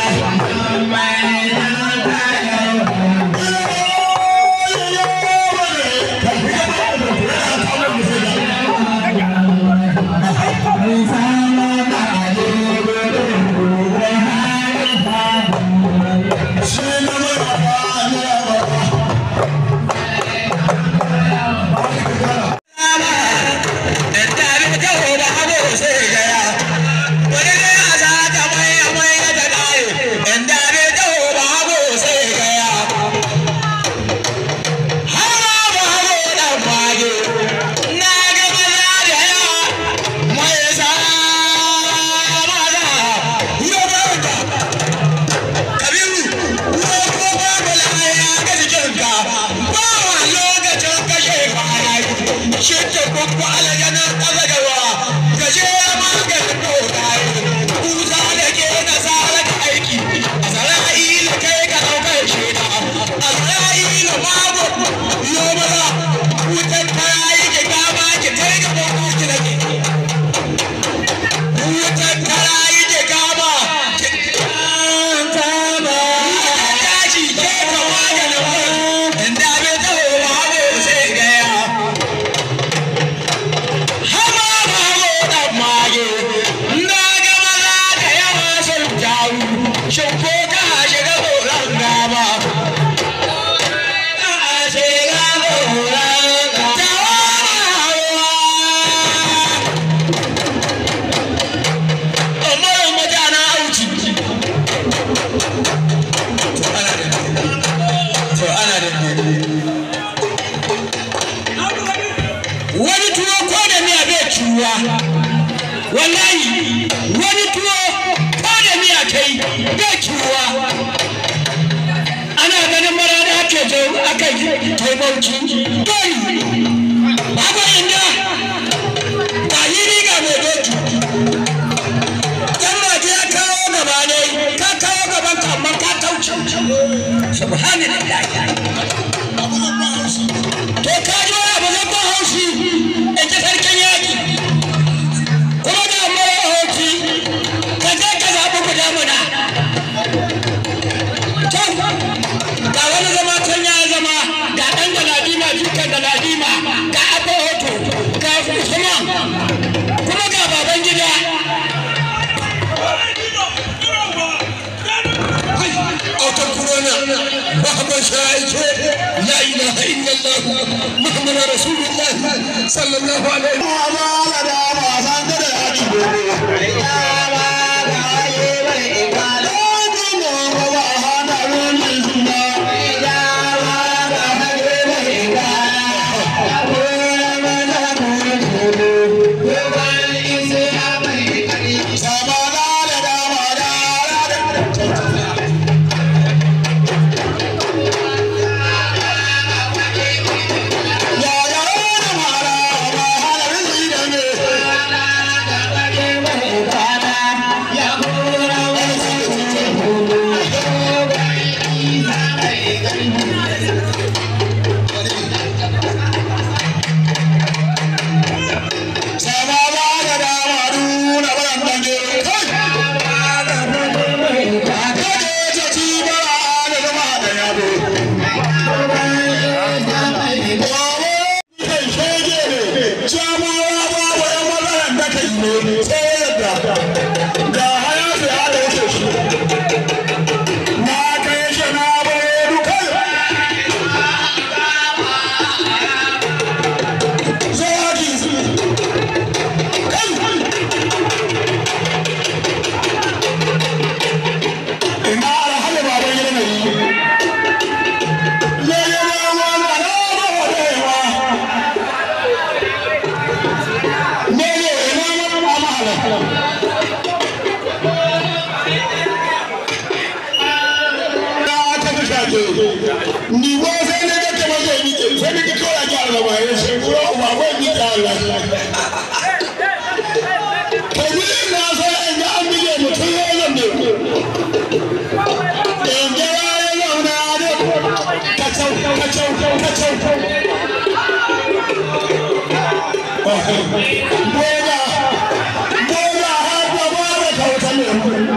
Hãy subscribe kai bauchi kai haka inda ba yi riga mai kawo gaba ne ka kawo gaban ka amma ka kauce subhanallah ilaha illallah muhammadur rasulullah ni wa sai ne ga kamar zai bi sai ne ga kawai ga Allah ba ya sai kura ba ba bi ga Allah to ni na sai an ga an bige mutum ya zan da in yi ya zauna da kacau kacau kacau Bola, bola, ha, bola, kautan ne.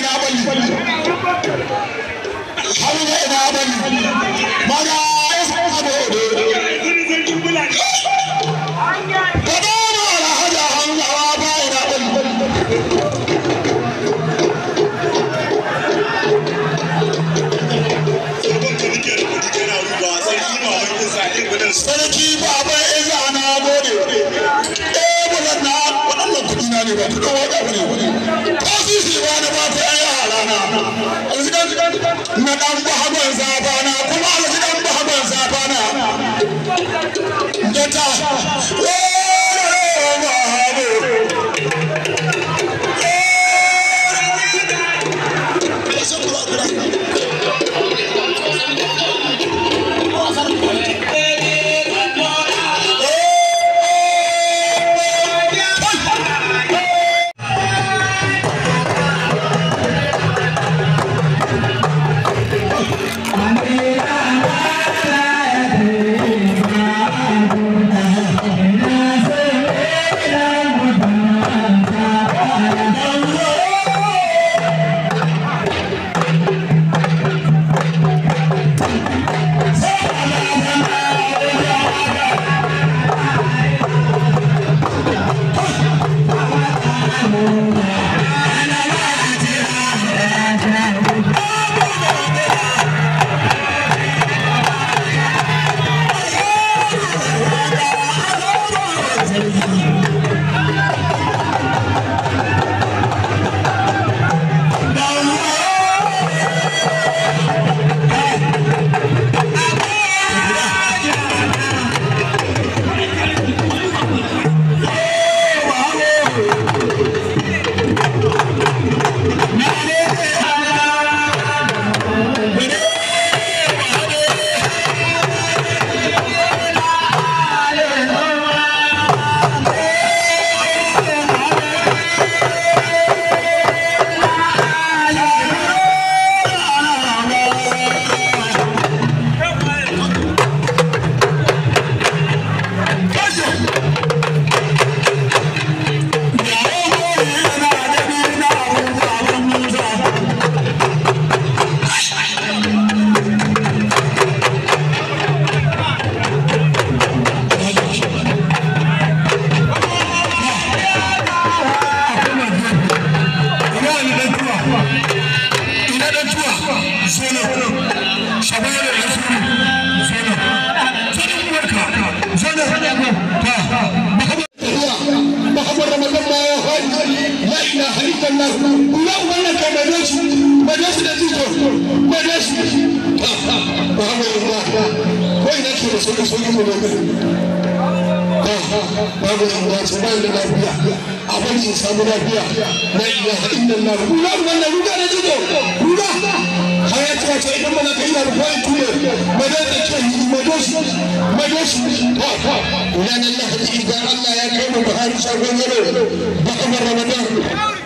Abuja ina bari. Ina الله lahadi idan allah ya kai mu buhari shagon yaro da kamar ramadan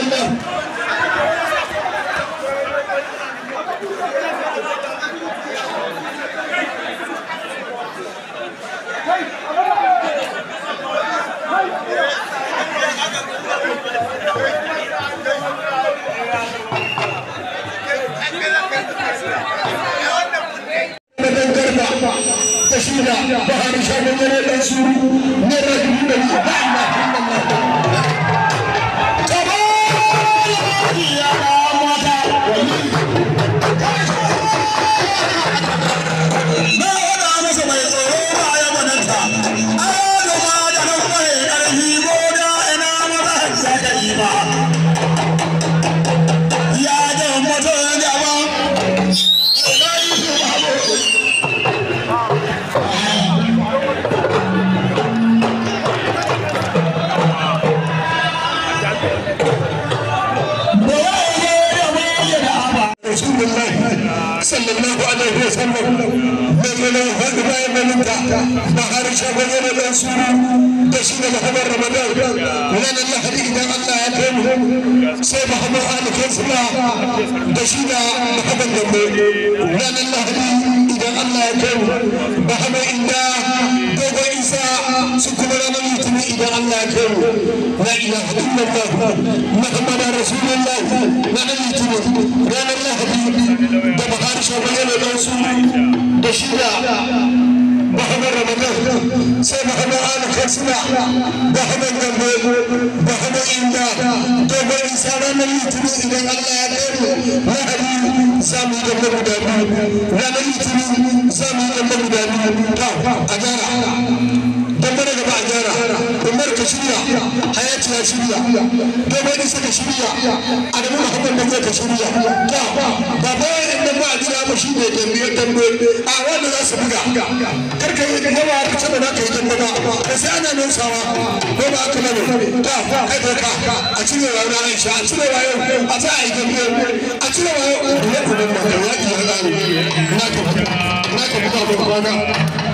لله تشميلا بهار شامل من الانسور شابين الأنصار دشنا محمد رمضان ولنا الله حديقنا الله يكرمهم سيب محمد آل كيسنا دشنا محمد رمضان ولنا الله حديقنا الله يكرمهم محمد إندا دوغا إنسا سكما لنا يتمي إذا الله يكرمهم لا إله إلا الله محمد رسول الله لنا يتمي لنا الله حديقنا دبحار شابين الأنصار دشنا محمد رمضان sai mahama ala katsina bahaman gambo bahaman inda dogon isa ranar litinin idan allah ya kai mu mahari za mu yi gambo guda biyu ranar litinin za mu yi gambo guda biyu ta a gyara dambe na gaba a gyara umar ka shirya hayati ya shirya dambe nisa ka shirya adamu muhammad dambe ka shirya ta ba bayan dambe a gida ba shi ne dambe dambe a wanda za su buga kar ka yi gaba da sai ana nausawa ko ba aka bane ta kai ka a cire wayo na Aisha a cire wayo a ta a yi gambe a cire ne ya kuma ba ya ki ya na ka na ka buga ba